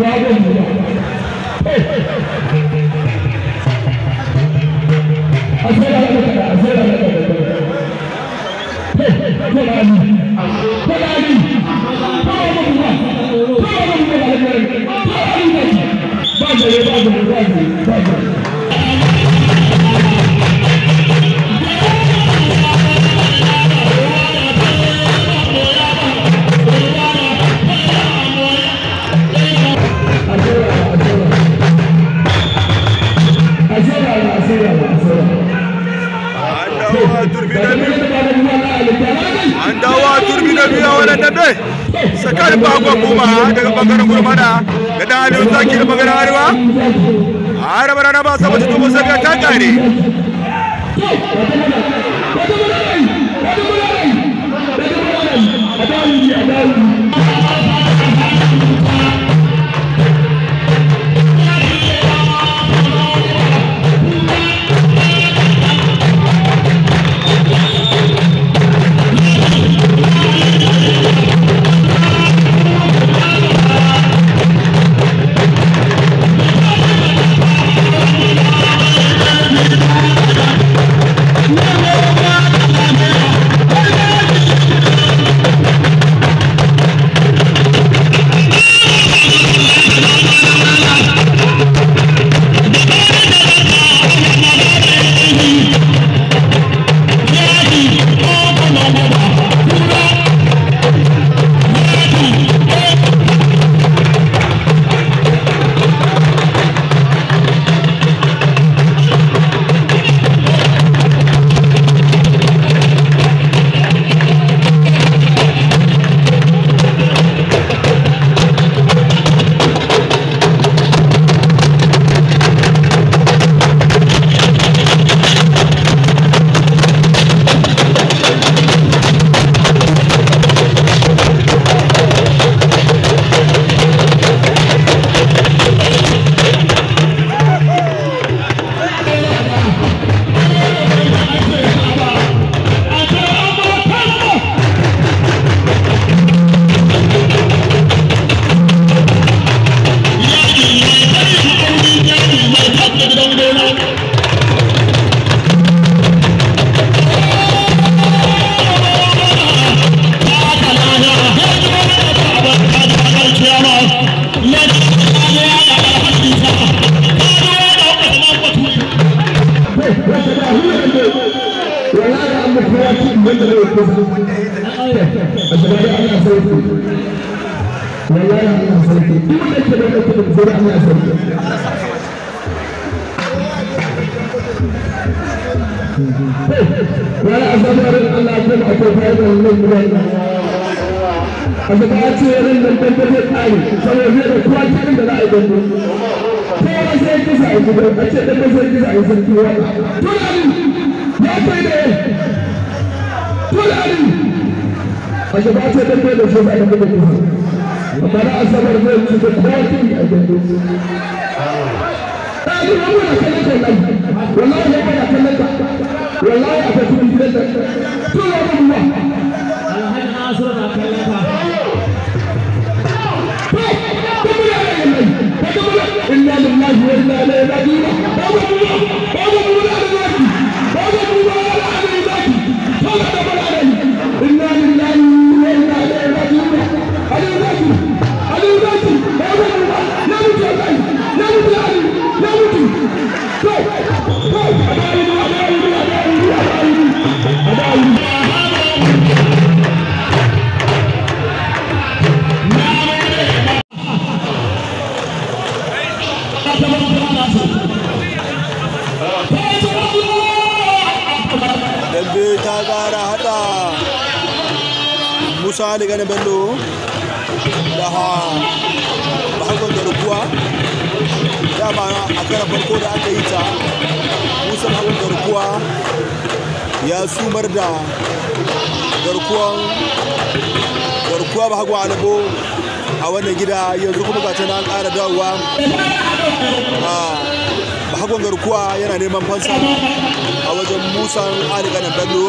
Babu andawa dawo a turbi da biyu a wadannan dai kuma daga bangaren gurmana da dan zaki da bangaren arewa a raba ba sama ta tumo saka ta kare والله انا سويته دون كده كده بزرع انا سويته ولا أصبر أن أتبع كفاية المجرم أصبحت سيرين من تنتهي الآن سوف يكون كواتين بلا إبن sai kisa a wani kai da da da vamos la ¡Vamos, vamos gara hada musa ali ganin bello da bahagon garkuwa dama a kara farko da aka yi ta musa da garkuwa ya sumar da garkuwan garkuwa bahagon alabo a wannan gida yanzu kuma ga ta na ƙara dawowa ah, hagon garkuwa yana neman fansa a wajen musa ali ganin bello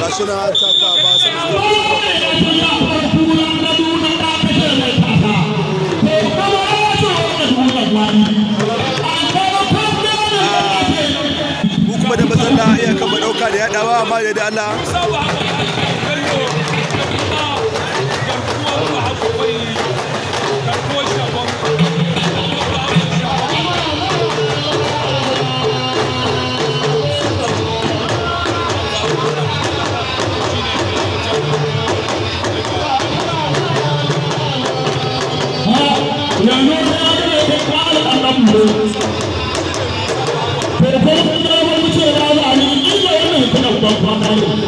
gashi na taka ba san mu kuma da mazalla iya kama dauka da yadawa amma da Allah Thank you.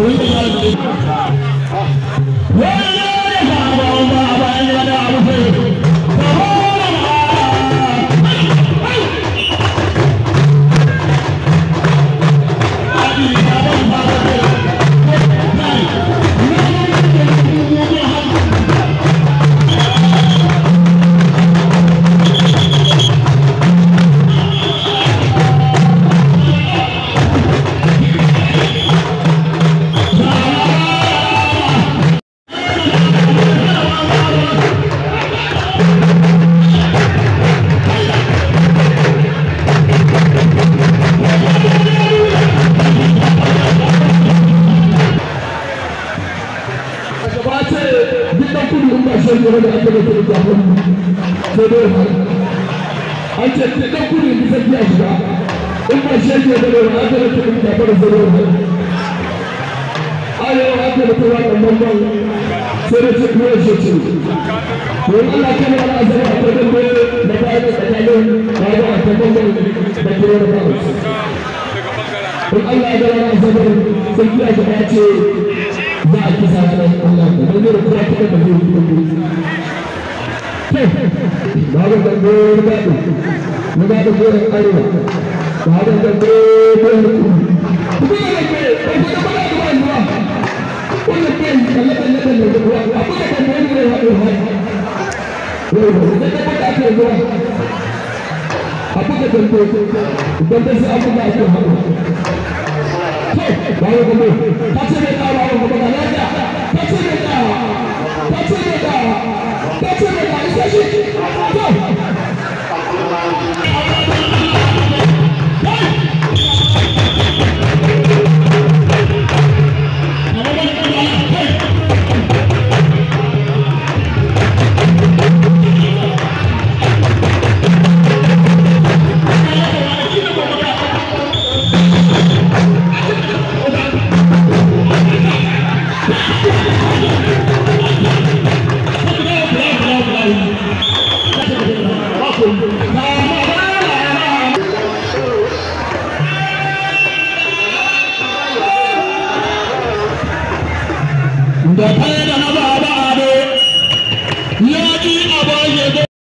Wani ne da hawa ba bayan yana abu sai ina son gaba da aka da kuma jahon sai ce kuma jahon sai dai ba ayo aka da kuma ɗan bambam sai da cikin yau shi ce don Allah kan wani a kan dambe da ta wani ba don Allah ya za a kisa ranar Allah da nan yau kuma kuma da zai yi. kuma da ba da arewa kuma ya ke da da ke da da ya da da ke da da Bawa kembali. Pasir kita bawa kembali. Pasir